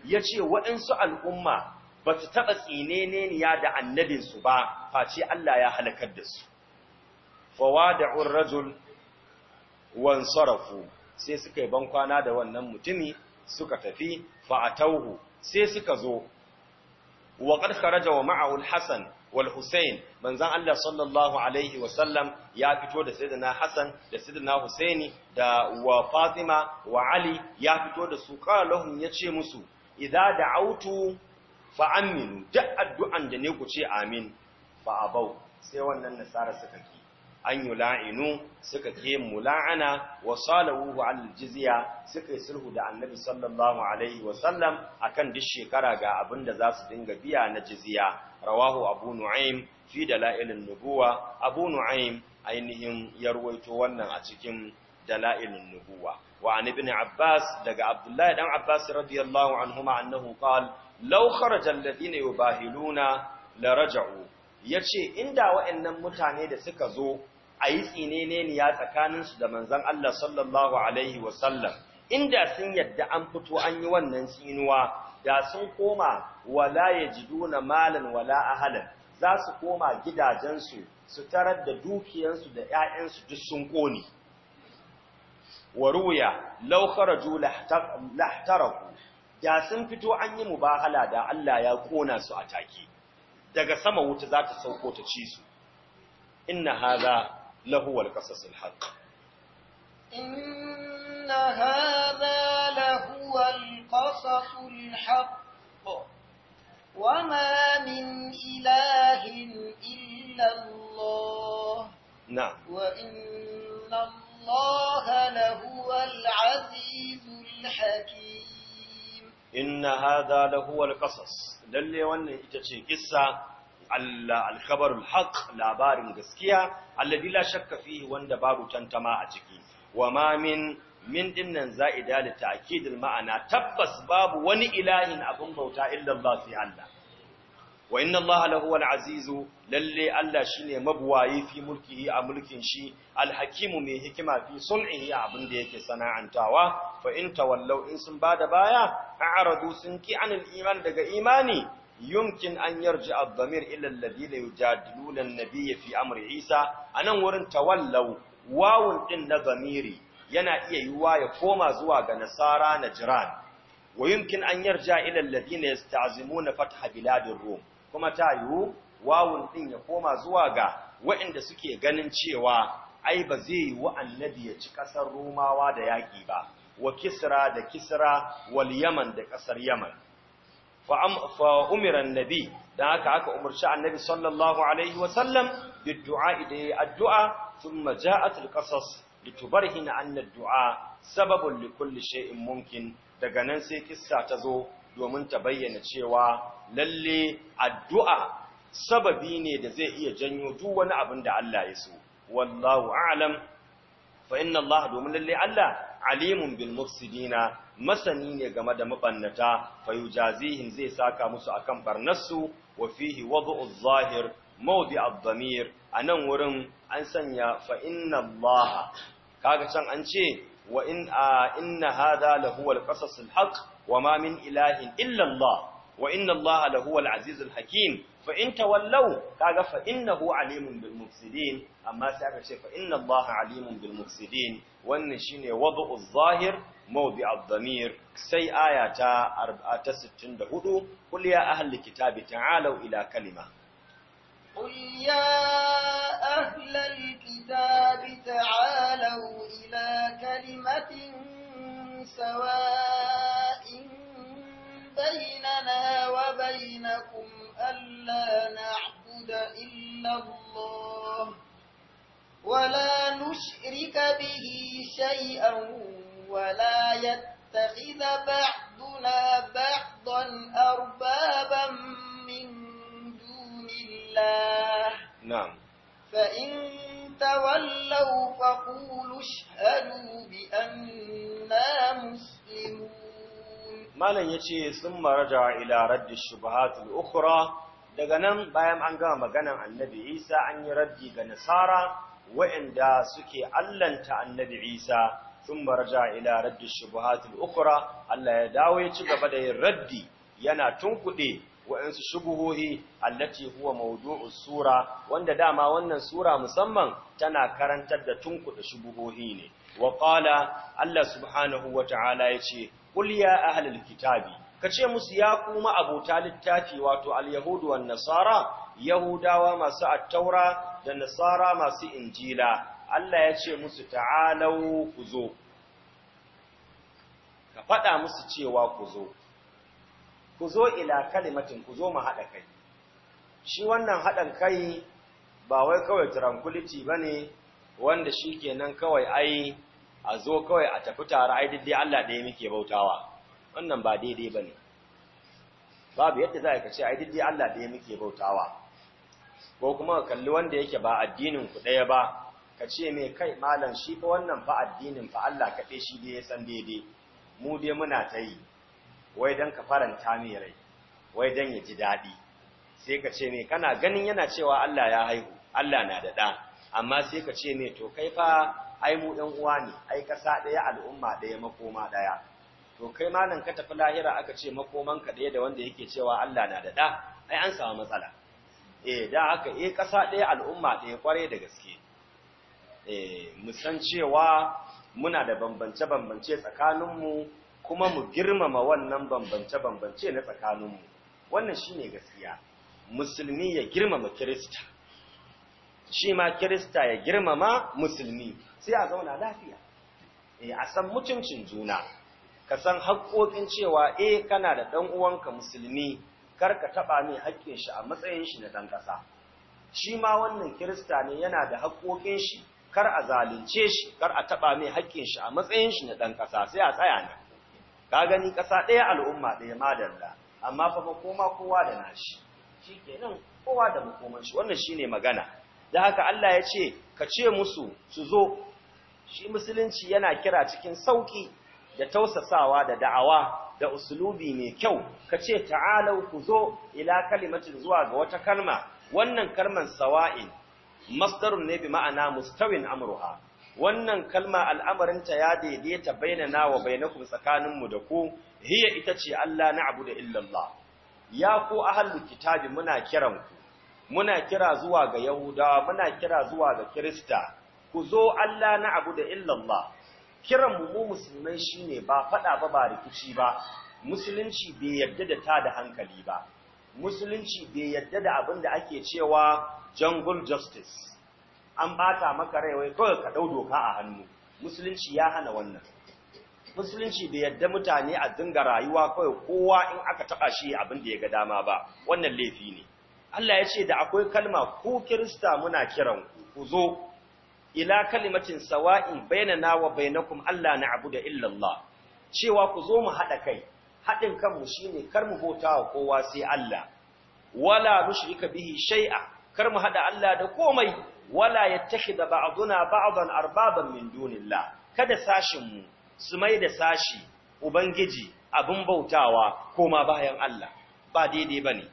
A: yace waɗansu al'umma ba su taɓa tsineneniya da annabinsu ba face Allah ya halakar da su fawada'ur rajul wan sarafu sai suka yi bankwana da wannan mutumi suka tafi fa'atauhu sai suka zo wa qad wa ma'ahu hasan wal husayn manzan Allah sallallahu alaihi wa sallam ya fito da sayyidina Hassan da sayyidina husaini da wa fatima wa ali ya fito da su qala ya yace musu da autu. fa aminu duk addu'an da ne ku ce amin fa abau sai wannan nasara suka ki an yi la'inu suka ke mula'ana wa salawu al jizya suka yi sulhu da annabi sallallahu alaihi wa sallam akan duk shekara ga abin da za su dinga biya na jiziya. rawahu abu nu'aim fi dalailin nubuwa abu nu'aim ainihin yarwaito wannan a cikin dalailin nubuwa wa an ibn abbas daga abdullahi dan abbas radiyallahu anhuma annahu qala law kharaja alladhina yubahiluna la raja'u yace inda wa'annan mutane da suka zo ayi tsinene ne ya da manzon Allah sallallahu alaihi wasallam inda sun yadda an fito an yi wannan tsinuwa da sun koma wala yajiduna Malam wala halin, za su koma gidajensu su tarar da dukiyansu da ‘ya'yansu duk sun ƙone. Waruya, laukar ju lahtaraku, da sun fito an yi mubahala da Allah ya kona su a take daga sama wuta za ta sauko ta ci su inna hadha lahu alqasas alhaq
B: inna hadha lahu alqasas alhaq وما من إله إلا الله نعم وإن الله لهو العزيز الحكيم
A: inna hadha lahu alqasas lalle wannan ita ce kissa Allah alkhabarul haq labarin gaskiya alladhi la shakka fihi wanda babu tantama a ciki ma min min dinnan za'ida li ta'kidil ma'ana tabbas babu wani ilahin abun bauta illa Allah sai Allah wa inna allaha lahu azizu lalle allah shine mabuwayi fi mulkihi a mulkin shi alhakimu mai hikima fi sun'ihi abin da yake sana'antawa fa in tawallau in sun bada baya a'radu sun ki anil iman daga imani yumkin an yarji ad-damir ila alladhina yujadiluna an-nabiyya fi amri isa anan wurin tawallau wawun din na zamiri yana iya yiwa ya koma zuwa ga nasara najran ويمكن أن يرجع إلى الذين na fatha بلاد الروم kuma ta yiwu wawun ɗin ya koma zuwa ga waɗanda suke ganin cewa ai ba zai yi wa annabi ya ci ƙasar Romawa da yaƙi ba wa Kisra da Kisra wal Yaman da ƙasar Yaman fa fa umira annabi haka aka umarci annabi sallallahu alaihi wa sallam biddu'a idai addu'a thumma ja'at alqasas litubarhina anna addu'a sababun li kulli shay'in mumkin daga nan sai kissa ta zo domin ta bayyana cewa lalle addu'a sababi ne da zai iya janyo duk wani abin da Allah ya so wallahu a'lam fa inna Allah domin lalle Allah alimun bil mufsidina masani ne game da mabannata fa yujazihim zai saka musu akan barnarsu. wa fihi wad'u adh-dhahir mawdi' adh anan wurin an sanya fa inna Allah kaga can an ce wa in inna hadha lahu al-qasas al-haqq wa ma min ilahin illa wa inna Allah la huwal azizul hakim fa kaga fa innahu alimun bil amma sai aka ce fa inna alimun bil mufsidin wannan shine wad'u zahir mawdi' ad-damir sai aya ta da hudu. ya ahli kitabi ta'alu ila kalima
B: قل يا أهل الكتاب تعالوا إلى كلمة لكم ألا نعبد إلا الله ولا نشرك به شيئا ولا يتخذ بعضنا بعضا أربابا من دون الله نعم فإن تولوا فقولوا اشهدوا بأننا مسلمون
A: malam yace summa raja ila radd shubahatul ukura daga nan bayan an gama maganan annabi Isa an yi raddi ga nasara wa'anda suke allanta annabi Isa summa raja ila radd shubahatul ukura Allah ya dawo ya ci gaba da yin raddi yana tunkuɗe wa'ansu shubuhohi allati huwa maudu'u sura wanda dama wannan sura musamman tana karantar da tunkuɗe shubuhohi ne wa qala Allah subhanahu ya yace kuliya ya halin kitabi ka ce musu ya kuma abota littafi wato al-yahudu nasara yahudawa masu attaura da nasara masu injila Allah ya ce musu ta'alau ku zo ka faɗa musu cewa ku zo ku zo ila kalimatin ku zo mu haɗa kai shi wannan haɗan kai ba wai kawai tranquility bane wanda shi kenan kawai ai a zo kawai a tafi tare ai dai Allah ɗaya muke bautawa wannan ba daidai ba ne. babu yadda za ka ce ai dai Allah ɗaya muke bautawa ko kuma ka kalli wanda yake ba addinin ku ɗaya ba ka ce mai kai malam shi fa wannan fa addinin fa Allah kaɗe shi dai ya san daidai mu dai muna ta yi wai don ka faranta mai rai wai don ya ji daɗi sai ka ce mai kana ganin yana cewa Allah ya haihu Allah na da ɗa amma sai ka ce mai to kai fa ai mu ɗan uwa ne ai ƙasa ɗaya al'umma ɗaya makoma ɗaya to kai nan ka tafi lahira aka ce makomanka ɗaya da wanda yake cewa Allah na da ɗa ai an samu matsala eh da haka eh ƙasa ɗaya al'umma ɗaya kware da gaske eh mu san cewa muna da bambance bambance tsakanin mu kuma mu girmama wannan bambance bambance na tsakanin mu wannan shine gaskiya musulmi ya girmama kirista shi ma kirista ya girmama musulmi sai a zauna lafiya eh, a san mutuncin juna ka san haƙoƙin cewa eh kana da ɗan uwanka musulmi kar ka taɓa mai haƙƙin shi a matsayin shi na ɗan ƙasa shi ma wannan kirista ne yana da haƙoƙin shi kar a zalunce shi kar a taɓa mai haƙƙin shi a matsayin shi na ɗan ƙasa sai a tsaya ne ka gani ƙasa ɗaya al'umma ɗaya madalla amma fa ba koma kowa da nashi shikenan kowa da makoman shi wannan shine magana da haka Allah ya ce ka ce musu su zo shi musulunci yana kira cikin sauki da tausasawa da da'awa da usulubi mai kyau Ka ce ta'alau ku zo ila kalimatin zuwa ga wata kalma wannan kalman sawa'in masdarun ne bi ma'ana mustawin amruha wannan kalma al'amarinta ya daidaita bainana wa bainakum mu da ku hiya ita ce Allah na abu da illallah. ya ku ahlul kitabi muna kiran ku muna kira zuwa ga yahudawa muna kira zuwa ga kirista ku zo Allah na abu da illallah kiran mu mu musulmai shine ba fada ba ba rikici ba musulunci bai yarda da ta da hankali ba musulunci bai yarda da abin da ake cewa jungle justice an bata maka rai wai kawai ka dau doka a hannu musulunci ya hana wannan musulunci bai yarda mutane a dinga rayuwa kawai kowa in aka taba shi abin da ya ga dama ba wannan laifi ne Allah ya ce da akwai kalma ku kirista muna kiran ku ku zo ila kalimatin sawa'in bainana wa bainakum Allah na'budu illa Allah cewa ku zo mu hada kai hadin kanmu shine kar mu bauta wa kowa sai Allah wala nushrika bihi shay'a kar mu hada Allah da komai wala yattakhidha ba'duna ba'dan arbaban min dunillah kada sashin mu su mai da sashi ubangiji abin bautawa koma bayan Allah ba daidai bane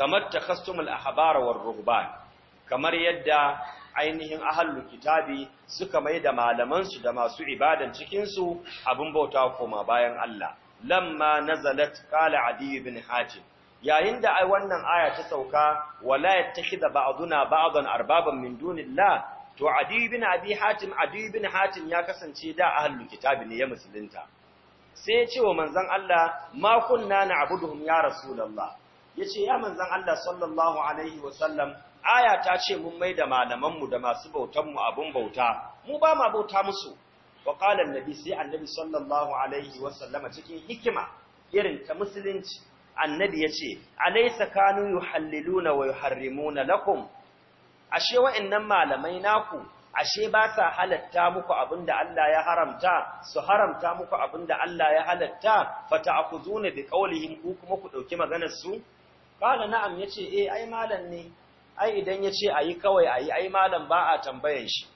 A: kamar takhastumul ahbar war ruhban kamar yadda ainihin ahallu kitabi suka mai da malamansu da masu ibadan cikinsu abin bauta koma bayan Allah lamma nazalat kala adi bin hatim yayin da ai wannan aya ta sauka wala da ba'aduna ba'dan arbaban min dunillah to adi bin abi hatim adi bin hatim ya kasance da ahlul kitabi ne ya musulunta sai ya ce wa manzan Allah ma kunna na'buduhum ya rasu lalla, ya manzan Allah sallallahu alaihi wa aya ta ce mun mai da malamanmu da masu bautanmu abin bauta mu ba ma bauta musu wa qala annabi sai annabi sallallahu alaihi wa sallama cikin hikima irin ta musulunci annabi yace alaysa kanu yuhalliluna wa yuharrimuna lakum ashe wa'annan malamai naku ashe ba sa halatta muku abinda Allah ya haramta su haramta muku abinda Allah ya halatta fata'khuzuna biqawlihim ku kuma ku dauki maganar su qala na'am yace eh ai malam ne ai idan ya ce a yi kawai a yi ai malam ba a tambayan shi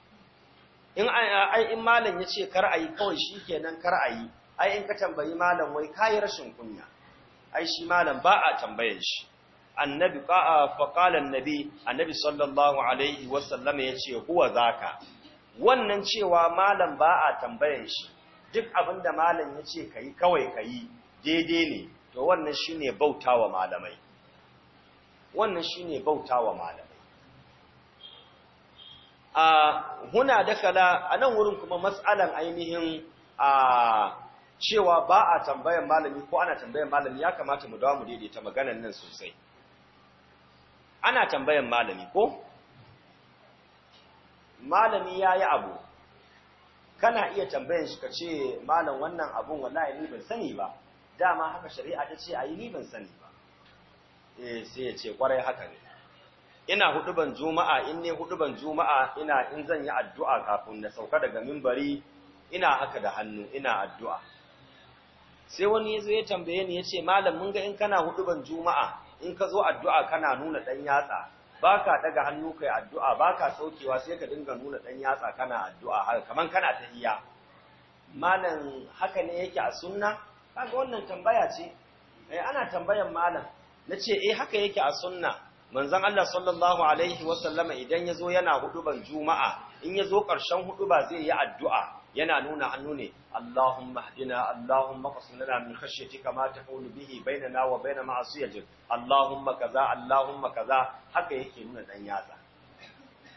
A: in ai in malam ya ce kar a yi kawai shi kenan kar a yi ai in ka tambayi malam wai kayi rashin kunya ai shi malam ba a tambayan shi annabi faƙalan nabi annabi sallallahu alaihi wasallam ya ce huwa zaka wannan cewa malam ba a tambayan shi duk abin da malam ya ce ka yi kawai ka yi daidai ne to wannan shi ne bauta wa malamai wannan shi shine wa malamai a huna dakala nan wurin kuma matsalan ainihin a cewa ba a tambayan malami ko ana tambayan malami ya kamata mu dawo mu daidaita maganan nan sosai ana tambayan malami ko malami ya yi abu kana iya tambayan shi ka ce malam wannan abun wallahi ni ban sani ba dama haka shari'a ta ce ayi ni ban sani ba Eh, sai ya ce kwarai haka ne ina ban juma'a in ne ban juma'a ina in zan yi addu'a kafin na sauka daga mimbari ina haka da hannu ina addu'a sai wani ya zo ya tambaye ni ce malam mun ga in kana ban juma'a in ka zo addu'a kana nuna dan yatsa baka daga hannu kai addu'a baka saukewa sai ka dinga nuna dan yatsa kana addu'a haka kaman kana ta iya malam haka ne yake a sunna kaga wannan tambaya ce eh ana tambayan malam nace eh haka yake a sunna manzon Allah sallallahu alaihi wasallama idan yazo yana huduban juma'a in ya yazo karshen huduba zai yi addu'a yana nuna hannu ne Allahumma hdina Allahumma qasilna min khashyatika ma tahulu bihi bainana wa bain ma'asiyatik Allahumma kaza Allahumma kaza haka yake nuna dan yatsa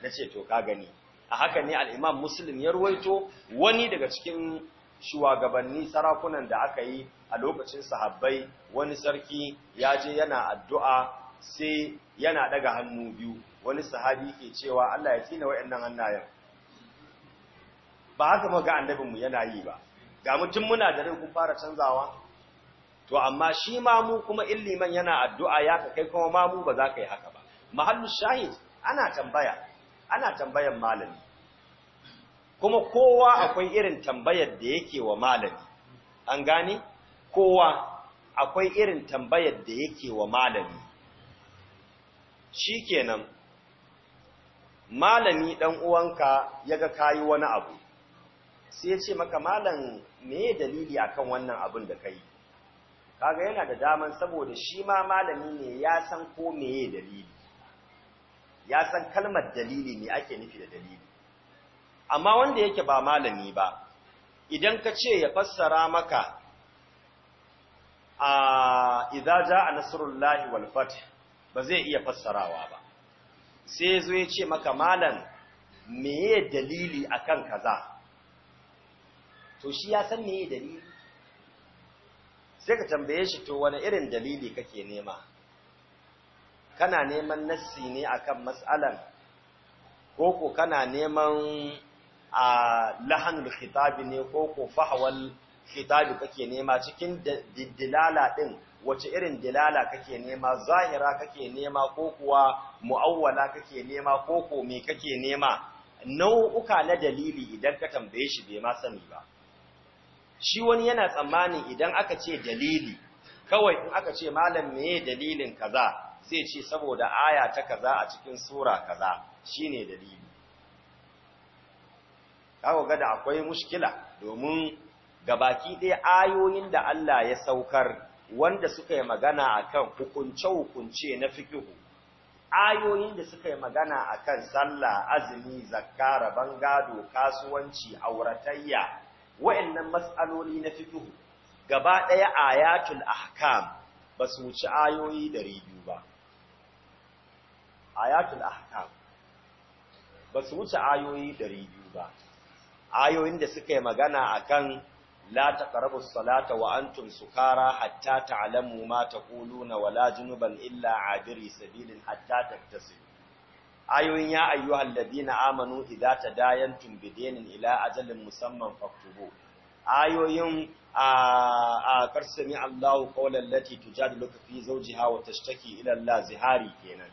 A: nace to ka gani a haka ne al-Imam Muslim ya ruwaito wani daga cikin shugabanni sarakunan da aka yi a lokacin sahabbai wani sarki ya je yana addu'a sai yana daga hannu biyu wani sahabi ke cewa Allah ya wa'in wayannan hannayen ba haka muka annabinmu yana yi ba ga mutum muna da rai kun fara canzawa to amma shi mamu kuma illiman yana addu'a ya ka kai kuma mamu ba za ka yi haka ba mahallu shahid ana tambaya ana tambayan malami kuma kowa akwai irin tambayar da yake wa malami an gane kowa akwai irin tambayar da yake wa malami shi shikenan malami ɗan uwanka ya yaga kayi wani abu sai ya ce maka malam meye dalili akan wannan abun da kai kaga yana da daman saboda shi ma malami ne ya san ko me ya dalili ya san kalmar dalili ne ake nufi da dalili amma wanda yake ba malami ba idan ka ce ya fassara maka a idza a nasrullahi wal ba zai iya fassarawa ba sai zo ya ce maka malam meye dalili akan kaza to shi ya san meye dalili sai ka tambaye shi to wani irin dalili kake nema kana neman nassi ne akan mas'alan ko ko kana neman a lahanul ne ko ko fahwal kitabi kake nema cikin dilala din wace irin dilala kake nema zahira kake nema ko kuwa muawwala kake nema ko ko me kake nema nau'uka na dalili idan ka tambaye shi bai ma sani ba shi wani yana tsammani idan aka ce dalili kawai in aka ce malam meye dalilin kaza sai ce saboda aya ta kaza a cikin sura kaza shine dalili kawo ga da akwai mushkila domin Ga baki ɗaya ayoyin da Allah ya saukar wanda suka yi magana akan hukunce-hukunce na fikihu ayoyin da suka yi magana akan sallah azumi zakara bangado kasuwanci auratayya wa'annan matsaloli na fikihu gaba ɗaya ayatul ahkam ba su wuce ayoyi da biyu ba ayatul ahkam ba su wuce ayoyi da biyu ba ayoyin da suka yi magana akan la taqrabu salata wa antum sukara hatta ta'lamu ma Kulu, na wala junuban illa abiri sabilin hatta taktasilu ayoyin ya ayyuhal ladina amanu idza tadayantum bidainin ila ajalin musamman faktubu ayoyin a karsami Allahu qawlan lati tujadiluka fi zawjiha wa tashtaki ila zihari kenan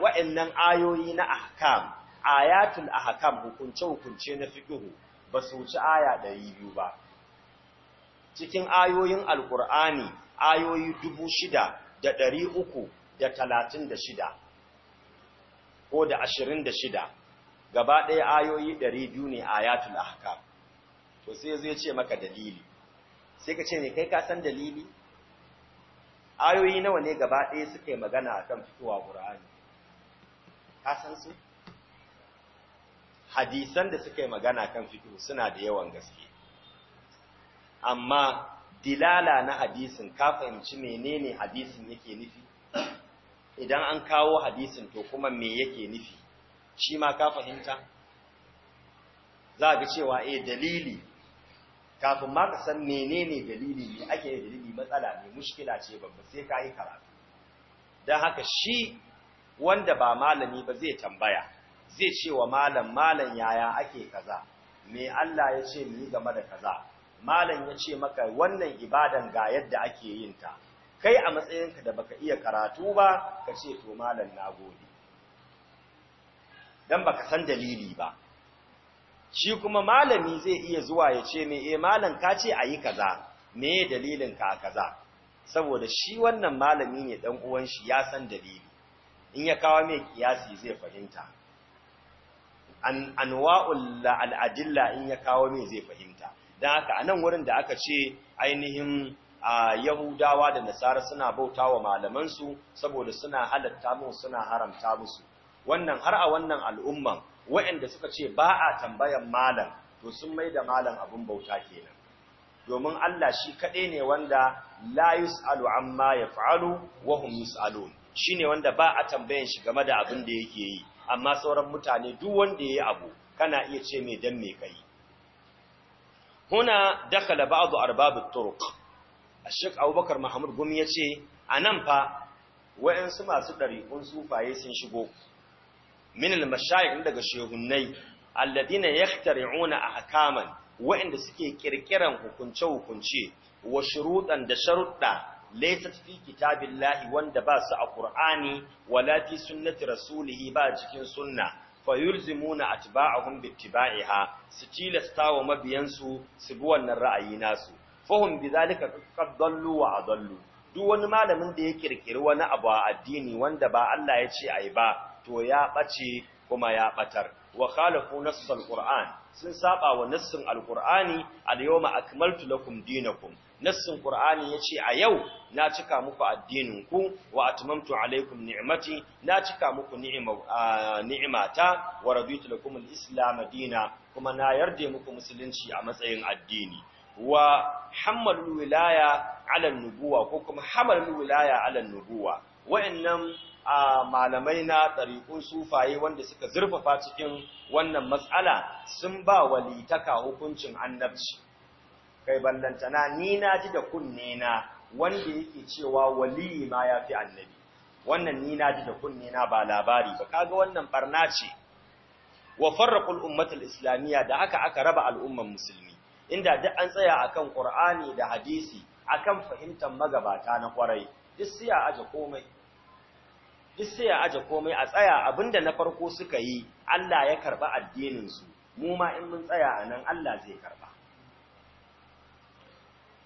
A: Waɗannan ayoyi na ahkam ayatul ahkam hukunce hukunce na fiqhu ba su wuce aya ɗari biyu ba cikin ayoyin alkur'ani ayoyi dubu shida da ɗari uku da talatin da shida ko da ashirin da shida gaba ɗaya ayoyi ɗari biyu ne yatul ahkam to sai zai ce maka dalili sai ka ce ne kai ka san dalili ayoyi nawa ne gaba ɗaya suka yi magana akan fitowa ƙur'ani ka san su hadisan da suka yi magana kan fiqh suna da yawan gaske amma dilala na hadisin ka fahimci menene hadisin yake nufi idan an kawo hadisin to kuma me yake nufi shi ma ka fahimta za ga cewa eh dalili kafin ma ka san menene dalili ne ake yin dalili matsala ne mushkila ce babba sai ka yi karatu don haka shi wanda ba malami ba zai tambaya zai ce wa malam malam yaya ake kaza me Allah ya ce mu yi game da kaza malam ya ce maka wannan ibadan ga yadda ake yin ta kai a matsayinka da baka iya karatu ba ka ce to malam nagode dan baka san dalili ba shi kuma malami zai iya zuwa ya ce me eh malam ka ce ayi kaza me dalilin ka kaza saboda shi wannan malami ne dan uwan shi ya san dalili in ya kawo mai kiyasi zai fahimta an anwa'ul al'adilla in ya kawo min zai fahimta dan haka a nan wurin da aka ce ainihin yahudawa da nasara suna bauta wa malamansu saboda suna halatta mu suna haramta musu wannan har a wannan al'umman wa'inda suka ce ba a tambayan malam to sun mai da malam abin bauta kenan domin Allah shi kaɗai ne wanda la yus'alu amma yaf'alu wa hum yus'alun shine wanda ba a tambayan shi game da abin da yake yi amma sauran mutane duk wanda ya yi abu kana iya ce mai dan mai kai huna dakala ba'du arbab at-turuq Sheikh Abubakar Mahmud Gumi yace anan fa wayansu masu dariqun sufaye sun shigo min al-mashayikh daga shehunnai alladina yakhtari'una ahkaman Waɗanda suke kirkiran hukunce hukunce wa shurutan da sharuɗa laysat fi kitabillahi wanda ba su a qur'ani wala fi sunnati rasulih ba cikin sunna fayulzimuna atba'ahum bittiba'iha su tilasta wa mabiyansu su bi wannan ra'ayi nasu fahum bidhalika qad dallu wa adallu duk wani malamin da ya kirkiri wani abu a addini wanda ba Allah ya ce ai ba to ya bace kuma ya batar wa khalafu nassal qur'an sun saba wa nassin alqur'ani al-yawma akmaltu lakum dinakum nassin Qur'ani yace a yau na cika muku addinin ku wa atmamtu alaikum ni'mati na cika muku ni'imata wa raditu lakum al-islam kuma na yarda muku musulunci a matsayin addini wa hamalul wilaya ala nubuwa ko kuma hamalul wilaya ala nubuwa wayannan malamai na ɗariƙun sufaye wanda suka zurfafa cikin wannan matsala sun ba walitaka hukuncin annabci kai ballantana ni na ji da kunne na wanda yake cewa waliyi ma ya fi annabi wannan ni na ji da kunne na ba labari ba kaga wannan barna ce wa farraqul ummatul islamiyya da haka aka raba al'umman musulmi inda duk an tsaya akan qur'ani da hadisi akan fahimtar magabata na kwarai duk sai a aje komai duk sai a aje komai a tsaya abinda na farko suka yi Allah ya karba addinin su mu ma in mun tsaya anan Allah zai karba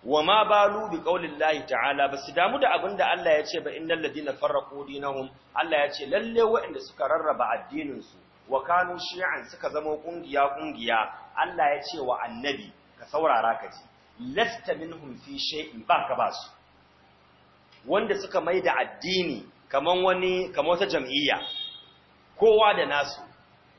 A: wa ma balu bi qaulillahi ta'ala basu damu da abinda Allah ya ce ba innal ladina farraqu dinahum Allah ya ce lalle waɗanda suka rarraba addinin su wa kanu shi'an suka zama kungiya kungiya Allah ya ce wa annabi ka saurara ka ji lasta minhum fi shay'in ba ka basu wanda suka maida addini kaman wani kaman wata jam'iyya kowa da nasu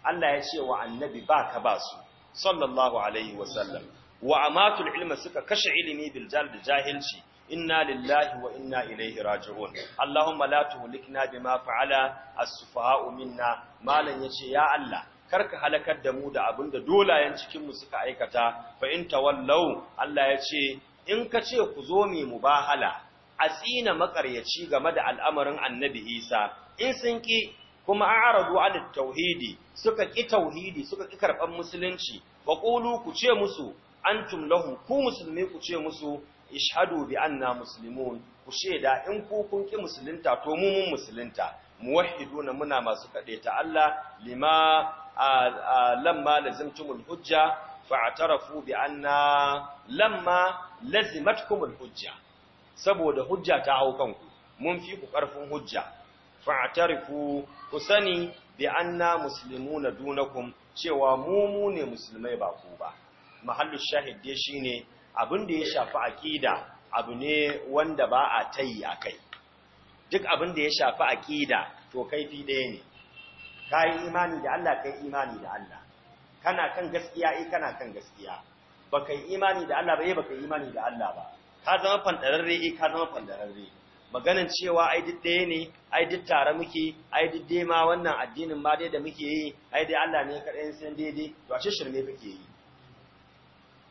A: Allah ya ce wa annabi ba ka basu sallallahu alaihi wa sallam. wa amatul ilma suka kashe ilimi bil da jahilci inna lillahi wa inna ilaihi raji'un allahumma la tuhlikna bima fa'ala as-sufaha'u minna malan yace ya allah karka halakar da mu da da dolayen cikin mu suka aikata fa in tawallau allah yace in ka ce ku zo mu mubahala a tsina makaryaci game da al'amarin annabi isa in sun ki kuma a'radu an tauhidi suka ki tauhidi suka ki karban musulunci fa ku ce musu antum lahu ku musulmi ku ce musu ishadu bi anna muslimun ku da in ku kun ki musulunta to mu mun musulunta muwahhiduna muna masu kade ta Allah lima lamma lazimtumul hujja fa'tarafu bi anna lamma lazimatkumul hujja saboda hujja ta hau kanku mun fi ku ƙarfin hujja fa'tarifu ku sani bi anna muslimuna dunakum cewa mu mu ne musulmai ba ku ba mahallu shahid dai shine abin da ya shafi akida abu ne wanda ba a tayi akai duk abin da ya shafi akida to kaifi ɗaya ne kai imani da Allah kai imani da Allah kana kan gaskiya eh kana kan gaskiya baka yi imani da Allah ba eh baka yi imani da Allah ba ka zama fandararre eh ka zama fandararre maganan cewa ai duk ɗaya ne ai duk tare muke ai duk dai ma wannan addinin ma dai da muke yi ai dai Allah ne kaɗai san dai, to ashe shirme kake yi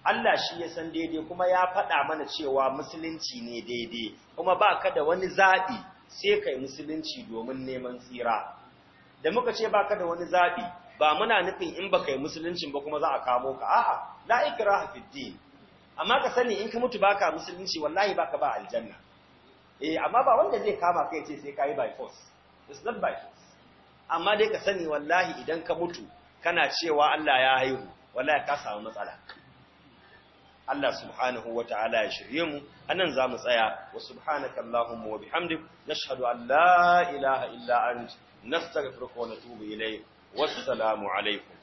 A: Allah shi ya san daidai kuma ya faɗa mana cewa musulunci ne daidai kuma ba ka da wani zaɓi sai kai musulunci domin neman tsira da muka ce ba ka da wani zaɓi ba muna nufin in ba kai musuluncin ba kuma za a kamo ka a'a la ikraha fid din amma ka sani in ka mutu baka musulunci wallahi baka ba aljanna eh amma ba wanda zai kama kai ce sai kai by force it's not by force amma dai ka sani wallahi idan ka mutu kana cewa Allah ya haihu wallahi ka samu matsala Allah subhanahu wa ta'ala ya shirye mu anan za mu tsaya wa subhanaka allahumma wa bihamdik nashhadu an allah ilaha illa ant nastaghfiruka na natubu wasu wassalamu alaikum